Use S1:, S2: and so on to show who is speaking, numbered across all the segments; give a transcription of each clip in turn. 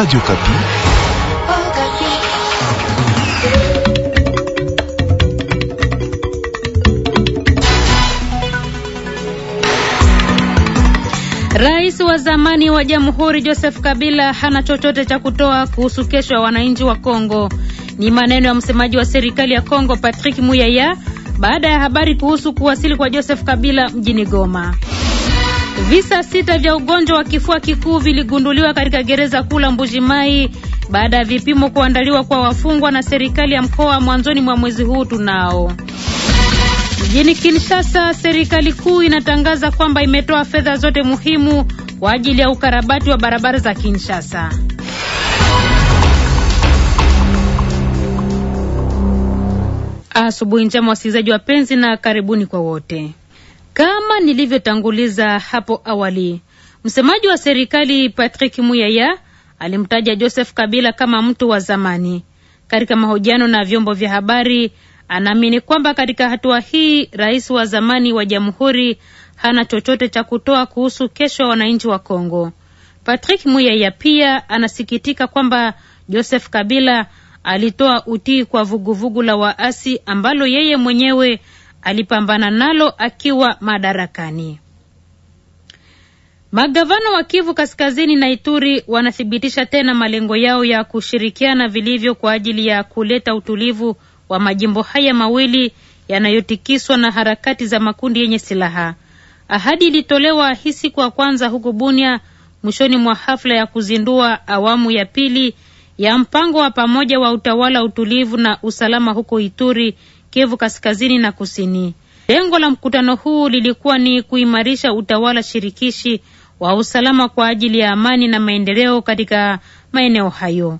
S1: Radio Kapi.
S2: Rais wa zamani wa Jamhuri Joseph Kabila hana chochote cha kutoa kuhusu kesho ya wananchi wa Kongo. Ni maneno ya msemaji wa serikali ya Kongo Patrick Muyaya baada ya habari kuhusu kuwasili kwa Joseph Kabila mjini Goma. Visa sita vya ugonjwa wa kifua kikuu viligunduliwa katika gereza kuu la Mbujimai baada ya vipimo kuandaliwa kwa wafungwa na serikali ya mkoa mwanzoni mwa mwezi huu. Tunao mjini Kinshasa, serikali kuu inatangaza kwamba imetoa fedha zote muhimu kwa ajili ya ukarabati wa barabara za Kinshasa. Asubuhi njema wasikilizaji wapenzi, na karibuni kwa wote. Kama nilivyotanguliza hapo awali, msemaji wa serikali Patrick Muyaya alimtaja Joseph Kabila kama mtu wa zamani. Katika mahojiano na vyombo vya habari, anaamini kwamba katika hatua hii rais wa zamani wa jamhuri hana chochote cha kutoa kuhusu kesho ya wananchi wa Kongo. Patrick Muyaya pia anasikitika kwamba Joseph Kabila alitoa utii kwa vuguvugu la waasi ambalo yeye mwenyewe alipambana nalo akiwa madarakani. Magavana wa Kivu Kaskazini na Ituri wanathibitisha tena malengo yao ya kushirikiana vilivyo kwa ajili ya kuleta utulivu wa majimbo haya mawili yanayotikiswa na harakati za makundi yenye silaha. Ahadi ilitolewa hii siku ya kwanza huko Bunia mwishoni mwa hafla ya kuzindua awamu ya pili ya mpango wa pamoja wa utawala, utulivu na usalama huko Ituri Kivu Kaskazini na Kusini. Lengo la mkutano huu lilikuwa ni kuimarisha utawala shirikishi wa usalama kwa ajili ya amani na maendeleo katika maeneo hayo.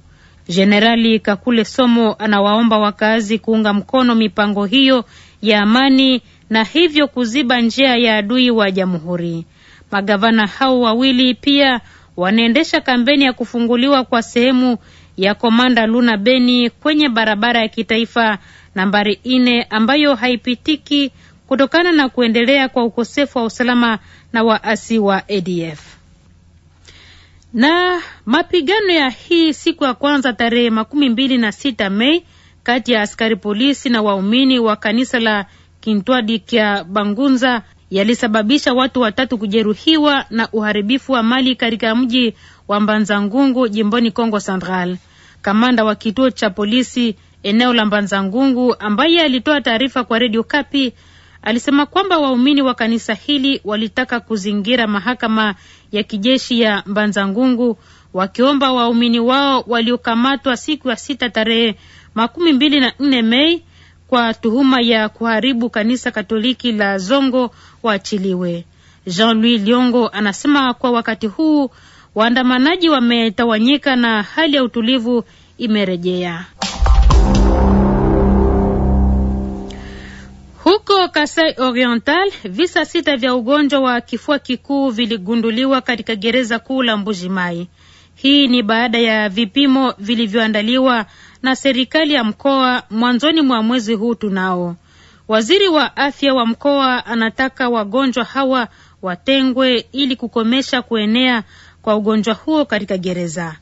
S2: Jenerali Kakule Somo anawaomba wakazi kuunga mkono mipango hiyo ya amani na hivyo kuziba njia ya adui wa jamhuri. Magavana hao wawili pia wanaendesha kampeni ya kufunguliwa kwa sehemu ya Komanda Luna Beni kwenye barabara ya kitaifa nambari nne ambayo haipitiki kutokana na kuendelea kwa ukosefu wa usalama na waasi wa ADF. Na mapigano ya hii siku ya kwanza tarehe makumi mbili na sita Mei kati ya askari polisi na waumini wa kanisa la Kintwadi kya Bangunza yalisababisha watu watatu kujeruhiwa na uharibifu wa mali katika mji wa Mbanzangungu jimboni congo Central. Kamanda wa kituo cha polisi eneo la Mbanzangungu ambaye alitoa taarifa kwa redio Kapi alisema kwamba waumini wa kanisa hili walitaka kuzingira mahakama ya kijeshi ya Mbanzangungu wakiomba waumini wao waliokamatwa siku ya sita tarehe makumi mbili na nne Mei kwa tuhuma ya kuharibu kanisa Katoliki la Zongo waachiliwe. Jean Louis Liongo anasema kwa wakati huu Waandamanaji wametawanyika na hali ya utulivu imerejea. Huko Kasai Oriental, visa sita vya ugonjwa wa kifua kikuu viligunduliwa katika gereza kuu la mbuji mai Hii ni baada ya vipimo vilivyoandaliwa na serikali ya mkoa mwanzoni mwa mwezi huu. Tunao waziri wa afya wa mkoa anataka wagonjwa hawa watengwe ili kukomesha kuenea kwa ugonjwa huo katika gereza.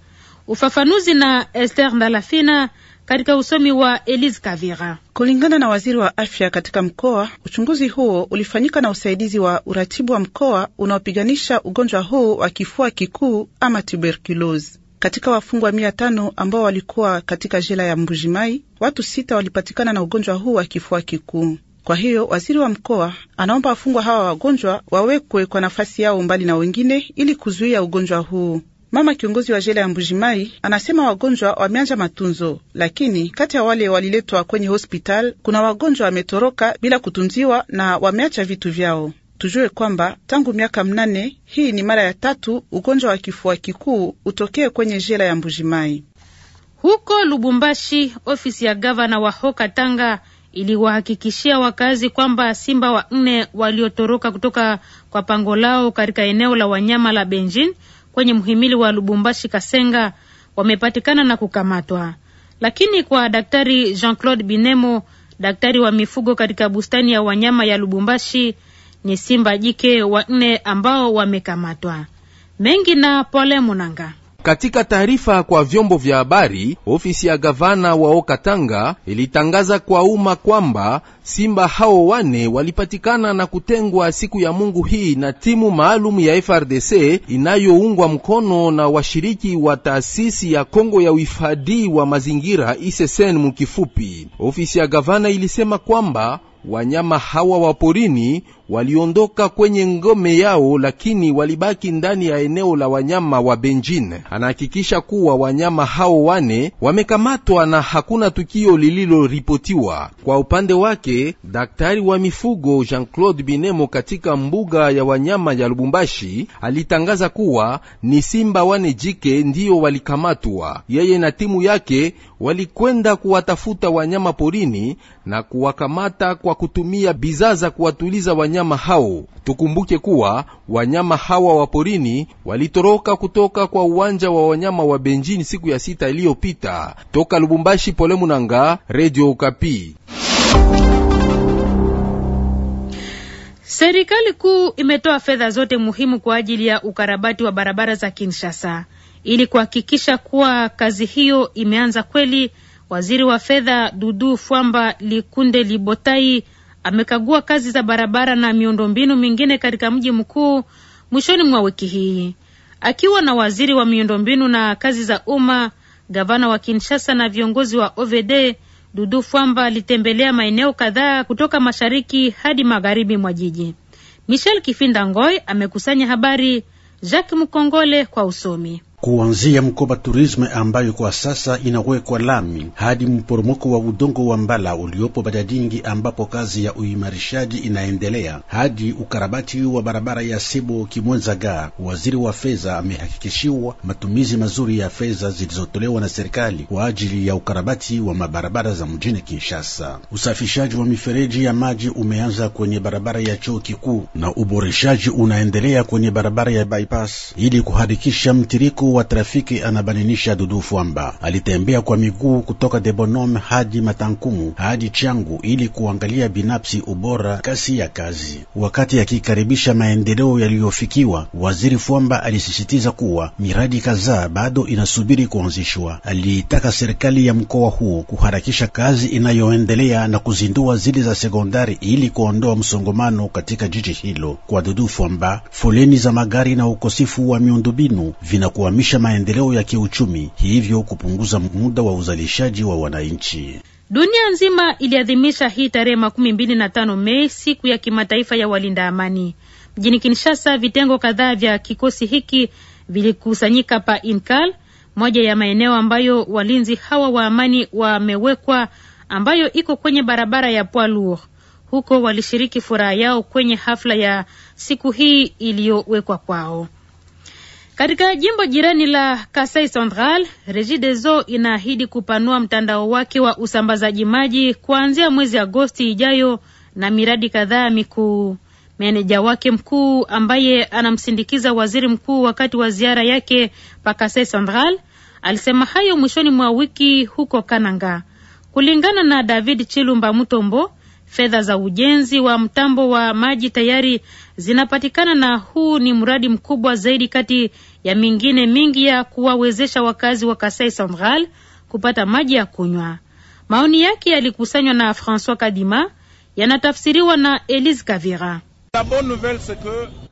S2: Ufafanuzi na Esther Ndalafina katika usomi wa Elise Kavira.
S3: Kulingana na waziri wa afya katika mkoa, uchunguzi huo ulifanyika na usaidizi wa uratibu wa mkoa unaopiganisha ugonjwa huu wa kifua kikuu ama tuberculosis. Katika wafungwa mia tano ambao walikuwa katika jela ya Mbujimai, watu sita walipatikana na ugonjwa huu wa kifua kikuu. Kwa hiyo waziri wa mkoa anaomba wafungwa hawa wagonjwa wawekwe kwa nafasi yao mbali na wengine ili kuzuia ugonjwa huu. Mama kiongozi wa jela ya Mbujimai anasema wagonjwa wameanja matunzo, lakini kati ya wale waliletwa kwenye hospital kuna wagonjwa wametoroka bila kutunziwa na wameacha vitu vyao. Tujue kwamba tangu miaka mnane hii ni mara ya tatu ugonjwa wa kifua kikuu utokee kwenye jela ya Mbujimai.
S2: Huko Lubumbashi, ofisi ya gavana wa haut iliwahakikishia wakazi kwamba simba wa nne waliotoroka kutoka kwa pango lao katika eneo la wanyama la Benjin kwenye mhimili wa Lubumbashi Kasenga wamepatikana na kukamatwa. Lakini kwa Daktari Jean-Claude Binemo, daktari wa mifugo katika bustani ya wanyama ya Lubumbashi, ni simba jike wanne ambao wamekamatwa. Mengi na Pole Munanga.
S4: Katika taarifa kwa vyombo vya habari, ofisi ya gavana wa Okatanga ilitangaza kwa umma kwamba simba hao wane walipatikana na kutengwa siku ya Mungu hii na timu maalum ya FRDC inayoungwa mkono na washiriki wa taasisi ya Kongo ya uhifadhi wa mazingira ISSN e mukifupi. Ofisi ya gavana ilisema kwamba wanyama hawa wa porini waliondoka kwenye ngome yao, lakini walibaki ndani ya eneo la wanyama wa benjin Anahakikisha kuwa wanyama hao wane wamekamatwa na hakuna tukio lililoripotiwa. Kwa upande wake, daktari wa mifugo Jean-Claude Binemo katika mbuga ya wanyama ya Lubumbashi alitangaza kuwa ni simba wane jike ndiyo walikamatwa. Yeye na timu yake walikwenda kuwatafuta wanyama porini na kuwakamata kwa kutumia bidhaa za kuwatuliza wanyama wanyama hao. Tukumbuke kuwa wanyama hawa wa porini walitoroka kutoka kwa uwanja wa wanyama wa Benjini siku ya sita iliyopita. Toka Lubumbashi, Pole Munanga, Radio Okapi.
S2: Serikali kuu imetoa fedha zote muhimu kwa ajili ya ukarabati wa barabara za Kinshasa. Ili kuhakikisha kuwa kazi hiyo imeanza kweli, waziri wa fedha Dudu Fwamba Likunde Libotai amekagua kazi za barabara na miundombinu mingine katika mji mkuu mwishoni mwa wiki hii akiwa na waziri wa miundombinu na kazi za umma, gavana wa Kinshasa na viongozi wa OVD. Dudu Fwamba alitembelea maeneo kadhaa kutoka mashariki hadi magharibi mwa jiji. Michel Kifinda Ngoy amekusanya habari. Jacques Mkongole kwa usomi
S5: kuanzia Mkoba Turisme ambayo kwa sasa inawekwa lami hadi mporomoko wa udongo wa Mbala uliopo Badadingi ambapo kazi ya uimarishaji inaendelea hadi ukarabati wa barabara ya Sebo Kimwenza ga Waziri wa fedha amehakikishiwa matumizi mazuri ya fedha zilizotolewa na serikali kwa ajili ya ukarabati wa mabarabara za mjini Kinshasa. Usafishaji wa mifereji ya maji umeanza kwenye barabara ya Chuo Kikuu na uboreshaji unaendelea kwenye barabara ya bypass ili kuharikisha mtiriko mkuu wa trafiki anabaninisha Dudu Fwamba alitembea kwa miguu kutoka Debonome hadi Matankumu hadi Changu ili kuangalia binafsi ubora kasi ya kazi. Wakati akikaribisha maendeleo yaliyofikiwa, waziri Fwamba alisisitiza kuwa miradi kadhaa bado inasubiri kuanzishwa. Aliitaka serikali ya mkoa huo kuharakisha kazi inayoendelea na kuzindua zile za sekondari ili kuondoa msongomano katika jiji hilo. Kwa Dudu Fwamba, foleni za magari na ukosefu wa miundombinu vinakuwa kusimamisha maendeleo ya kiuchumi, hivyo kupunguza muda wa uzalishaji wa wananchi.
S2: Dunia nzima iliadhimisha hii tarehe makumi mbili na tano Mei siku ya kimataifa ya walinda amani. Mjini Kinshasa, vitengo kadhaa vya kikosi hiki vilikusanyika pa Inkal, moja ya maeneo ambayo walinzi hawa wa amani wamewekwa, ambayo iko kwenye barabara ya Poilour. Huko walishiriki furaha yao kwenye hafla ya siku hii iliyowekwa kwao. Katika jimbo jirani la Kasai Central, Regideso inaahidi kupanua mtandao wake wa usambazaji maji kuanzia mwezi Agosti ijayo na miradi kadhaa mikuu. Meneja wake mkuu ambaye anamsindikiza waziri mkuu wakati wa ziara yake pa Kasai Central alisema hayo mwishoni mwa wiki huko Kananga. Kulingana na David Chilumba Mutombo, fedha za ujenzi wa mtambo wa maji tayari zinapatikana na huu ni mradi mkubwa zaidi kati ya mingine mingi ya kuwawezesha wakazi wa Kasai Central kupata maji ya kunywa. Maoni yake yalikusanywa na Francois Kadima, yanatafsiriwa na Elise Kavira.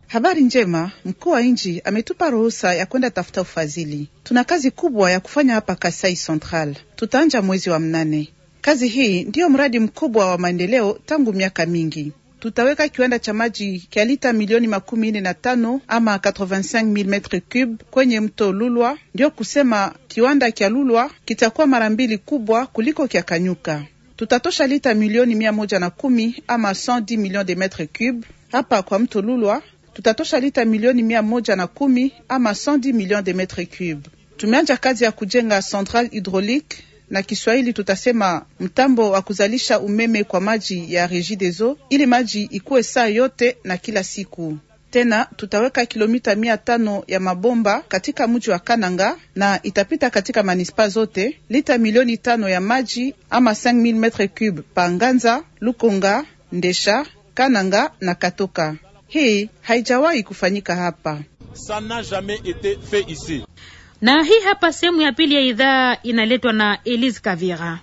S2: Habari njema, mkuu wa nchi
S3: ametupa ruhusa ya kwenda tafuta ufadhili. Tuna kazi kubwa ya kufanya hapa Kasai Central, tutaanja mwezi wa mnane. Kazi hii ndiyo mradi mkubwa wa maendeleo tangu miaka mingi tutaweka kiwanda cha maji kia lita milioni makumi nne na tano ama mil metre cube kwenye mto Lulwa. Ndiyo kusema kiwanda kya Lulwa kitakuwa mara mbili kubwa kuliko kya Kanyuka. Tutatosha lita milioni mia moja na kumi ama 110 millions de metre cube hapa kwa mto Lulwa tutatosha lita milioni mia moja na kumi ama 110 millions de metre cube. Tumeanja kazi ya kujenga central hydraulique na Kiswahili tutasema mtambo wa kuzalisha umeme kwa maji ya Regideso ili maji ikuwe saa yote na kila siku. Tena tutaweka kilomita mia tano ya mabomba katika mji wa Kananga na itapita katika manispa zote lita milioni tano ya maji ama 5000 m cube pa Nganza, Lukonga, Ndesha, Kananga na Katoka.
S2: Hii haijawahi kufanyika hapa.
S5: Ça n'a jamais été fait ici
S2: na hii hapa sehemu ya pili ya idhaa inaletwa na Elise Kavira,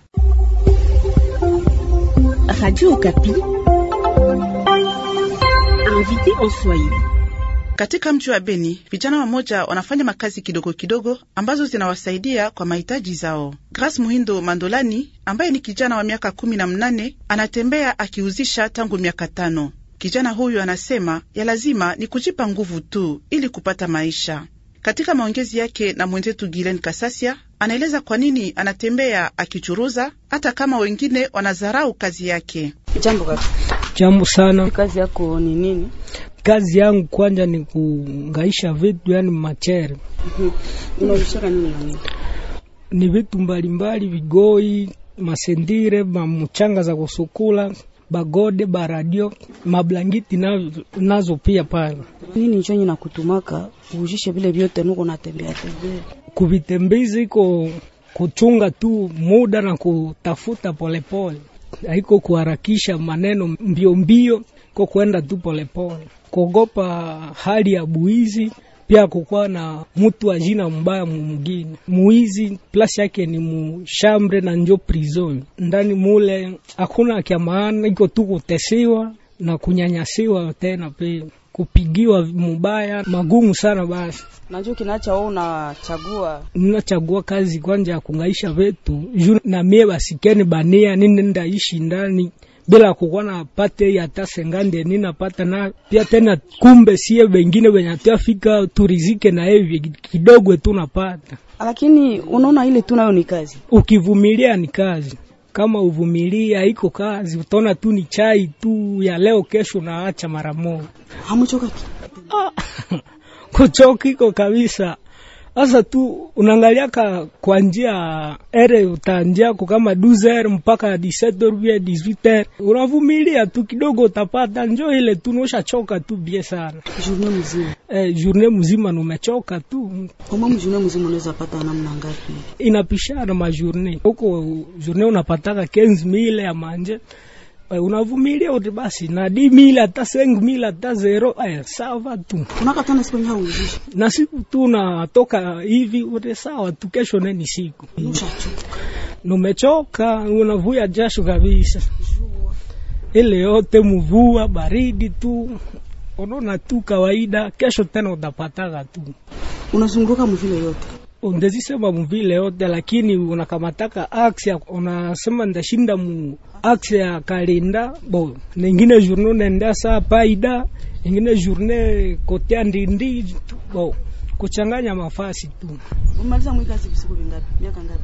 S3: Katika mji wa Beni vijana wamoja wanafanya makazi kidogo kidogo ambazo zinawasaidia kwa mahitaji zao. Grace Muhindo Mandolani ambaye ni kijana wa miaka kumi na mnane anatembea akiuzisha tangu miaka tano. Kijana huyu anasema ya lazima ni kujipa nguvu tu ili kupata maisha. Katika maongezi yake na mwenzetu Gilen Kasasia, anaeleza kwa nini anatembea akichuruza hata kama wengine wanadharau kazi yake. Jambo kaka.
S6: Jambo sana.
S3: Kazi yako ni nini?
S6: Kazi yangu kwanja ni kungaisha vitu, yani machere. Mhm. Ni vitu mbalimbali, vigoi, masendire, mamuchanga za kusukula bagode baradio mablangiti nazo, nazo pia pale. Nini njo na kutumaka ujishe vile vyote
S2: nuko natembea
S6: tembea kuvitembeza iko kuchunga tu muda na kutafuta polepole, haiko kuharakisha maneno mbiombio, ko kwenda tu polepole, kuogopa hali ya buizi pia kukuwa na mutu wa jina mbaya mwingine muizi, plasi yake ni mushambre na njo prison ndani mule, hakuna kya maana, iko tu kutesiwa na kunyanyasiwa tena pia kupigiwa mubaya magumu sana. Basi Najua kinacha wao unachagua unachagua kazi kwanja ya kungaisha vetu juu na mie basikeni bania nini ndaishi ndani bila kukuwana pate ya ta sengande nina pata na pia tena, kumbe sie wengine wenye atuafika turizike na hivi kidogo tu napata. Lakini unaona ile tu nayo ni kazi, ukivumilia ni kazi. Kama uvumilia iko kazi, utaona tu ni chai tu ya leo, kesho naacha mara moja. Hamuchoka ah, kuchoka iko kabisa Asa tu unaangaliaka kwa njia ere utanjia kama 12h mpaka 17h 18h, unavumilia tu kidogo, utapata njo ile tu nosha choka tu bie sana journée mzima eh, journée mzima numechoka tu. Kama journée mzima unaweza pata namna ngapi? Inapishana ma journée huko, journée unapataka 15000 ya manje Eh, unavumilia uti basi na di mila ta sengu mila ta zero aya eh, sawa tu unakatana siku nyau na siku tu toka hivi uti sawa tu, kesho neni siku numechoka, unavuya jasho kabisa, ile yote mvua baridi tu unaona tu kawaida, kesho tena utapataga tu, unazunguka mvile yote ndezisema sema muvile yote, lakini unakamataka aksi unasema ndashinda mu aksi ya kalenda bo nengine journe nenda saa paida nengine journe kotea ndindi bo kuchanganya mafasi tu.
S3: Umaliza mwikazi visiku vingapi? Miaka ngapi?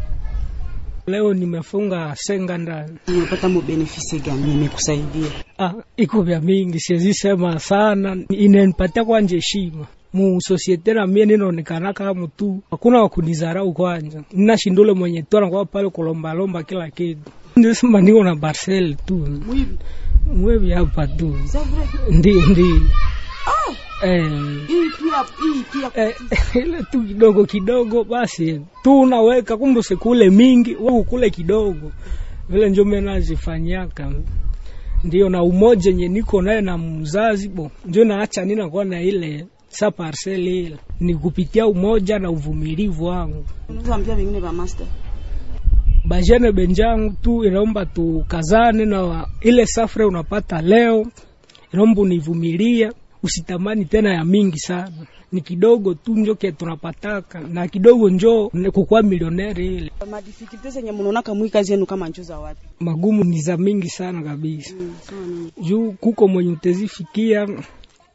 S6: Leo nimefunga senga ndani. Unapata mo benefisi gani? Nimekusaidia ah, iko vya mingi, siwezi sema sana, inanipatia kwanje heshima mu societe na mie ninaonekana kama mtu hakuna wakunizarau kwanja, ninashindule mwenye tu anakuwa pale lomba kila kitu, ndio sema niko na Barcel tu mwevi hapa tu
S2: ndi ndi
S6: oh! eh. eh ile tu kidogo kidogo, basi tu unaweka kumbe, usikule mingi, wewe kule kidogo. Vile ndio mimi nazifanyaka ndio, na umoja yenye niko naye na mzazi bo, ndio naacha ninakuwa na ile sa parcele ile ni kupitia umoja na uvumilivu wangu bajene benjangu tu inaomba tukazane na ile safre unapata leo, inaomba univumilia, usitamani tena ya mingi sana, ni kidogo tu njo ke tunapataka na kidogo njo kukuwa milioneri. Ile madifikilte zenye mnaonaka mwi kazi yenu kama njo za wapi, magumu ni za mingi sana kabisa, mm, juu kuko mwenye utezifikia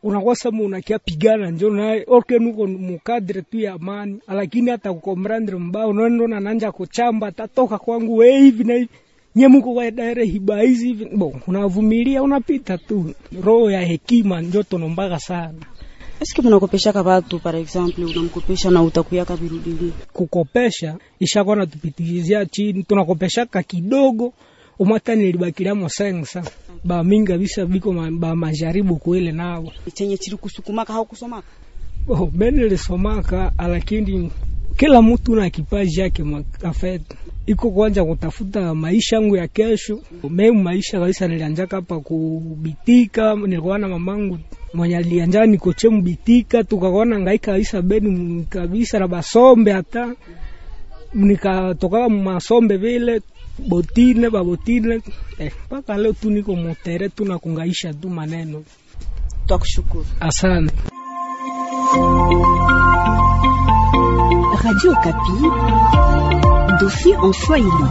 S6: unakosa muna njo naye orke nuko mukadre tu ya amani, lakini hata uko mrandre mbao unaenda na nanja kuchamba atatoka kwangu hivi na hivi nye muko kwa daire hiba hizi hivi bo, unavumilia unapita tu. Roho ya hekima njo tonombaga sana. Eske munakopeshaka watu par exemple, unamkopesha na utakuyaka virudili kukopesha ishakwa natupitilizia chini, tunakopeshaka kidogo umatani umwatani libakilamo ba bamingi kabisa biko ma, ba majaribu kuile nabo chenye chiri kusukumaka hau kusomaka oh, bene lisomaka lakini kila mtu na kipaji yake mafet iko kwanza kutafuta maisha yangu ya kesho. Mimi maisha kabisa nilianjaka hapa kubitika, nilikuwa na mamangu mwenye alianja nikoche mbitika, tukakuona ngaika kabisa beni kabisa na basombe hata nikatoka masombe vile botile babotile eh, mpaka eh, leo tu niko motere tu nakungaisha tu maneno. Twakushukuru, asante. Radio
S3: Kapi dofi en Swahili.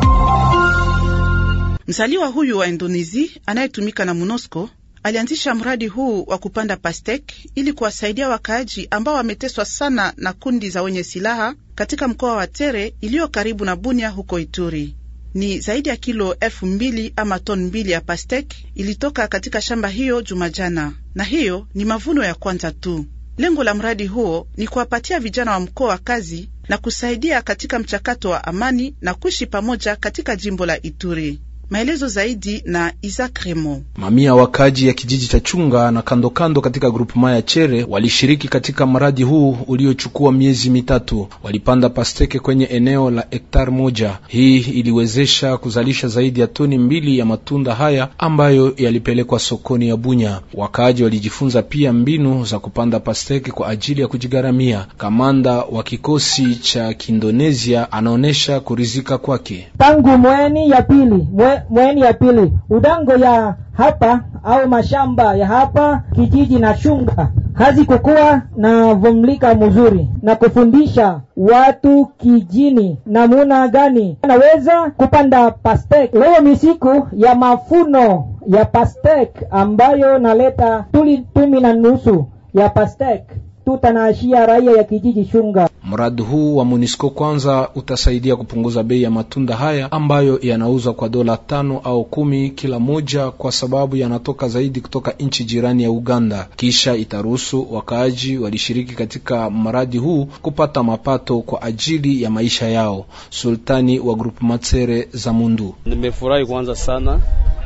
S3: Mzaliwa huyu wa Indonesi anayetumika na MONUSCO alianzisha mradi huu wa kupanda pastek ili kuwasaidia wakaaji ambao wameteswa sana na kundi za wenye silaha katika mkoa wa Tere iliyo karibu na Bunia huko Ituri ni zaidi ya kilo elfu mbili ama ton mbili ya pastek ilitoka katika shamba hiyo Jumajana, na hiyo ni mavuno ya kwanza tu. Lengo la mradi huo ni kuwapatia vijana wa mkoa wa kazi na kusaidia katika mchakato wa amani na kuishi pamoja katika jimbo la Ituri. Maelezo zaidi na Isaac Remo.
S1: Mamia wakaji ya kijiji cha Chunga na kandokando kando katika grupema ya Chere walishiriki katika mradi huu uliochukua miezi mitatu. Walipanda pasteke kwenye eneo la hektar moja. Hii iliwezesha kuzalisha zaidi ya toni mbili ya matunda haya ambayo yalipelekwa sokoni ya Bunya. Wakaji walijifunza pia mbinu za kupanda pasteke kwa ajili ya kujigharamia. Kamanda wa kikosi cha kindonesia anaonyesha kurizika kwake
S6: tangu mweni ya pili mweni mweni ya pili, udango ya hapa au mashamba ya hapa kijiji na shunga kazi kukuwa na vumlika mzuri na kufundisha watu kijini namuna gani anaweza kupanda pastek. Leo misiku ya mafuno ya pastek ambayo naleta tuli tumi na nusu ya pastek, tutanaashia raia ya kijiji Shunga.
S1: Mradi huu wa Munisco kwanza utasaidia kupunguza bei ya matunda haya ambayo yanauzwa kwa dola tano au kumi kila moja, kwa sababu yanatoka zaidi kutoka nchi jirani ya Uganda. Kisha itaruhusu wakaaji walishiriki katika mradi huu kupata mapato kwa ajili ya maisha yao. Sultani wa grupu Matsere za Mundu: nimefurahi kwanza sana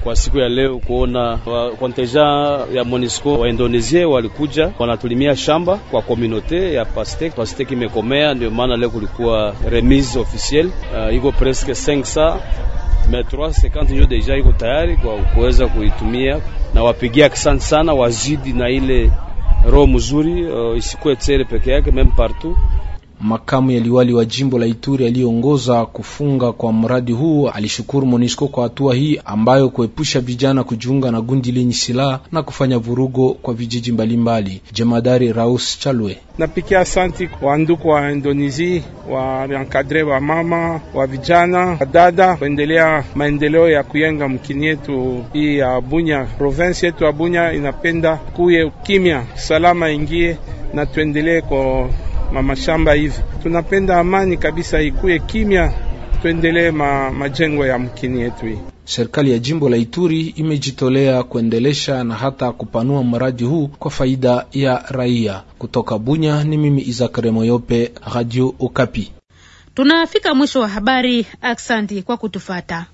S1: kwa siku ya leo kuona konteja ya monisco wa Indonesia walikuja wanatulimia shamba kwa komunote ya Pastek. Pastek imeko kusomea, ndio maana leo kulikuwa remise officielle uh, iko presque 500 350 ndio deja iko tayari kwa kuweza kuitumia, na wapigia asante sana, wazidi na ile roho mzuri uh, isikuwe Tere peke yake meme partout Makamu ya liwali wa jimbo la Ituri aliyeongoza kufunga kwa mradi huu alishukuru monisco kwa hatua hii ambayo kuepusha vijana kujiunga na gundi lenye silaha na kufanya vurugo kwa vijiji mbalimbali. Jemadari Raus Chalwe napikia asanti wa nduku wa Indonesi wa ankadre wa mama wa vijana wa dada kuendelea maendeleo ya kuyenga mkini yetu hii ya Bunya, province yetu ya Bunya inapenda kuye kimya salama ingie na tuendelee kwa mamashamba hivi. Tunapenda amani kabisa ikuye kimya, tuendelee ma, majengo ya mkini yetu hii. Serikali ya jimbo la Ituri imejitolea kuendelesha na hata kupanua mradi huu kwa faida ya raia. Kutoka Bunya ni mimi Izakare Moyope, Radio Okapi.
S2: Tunafika mwisho wa habari. Aksanti kwa kutufata.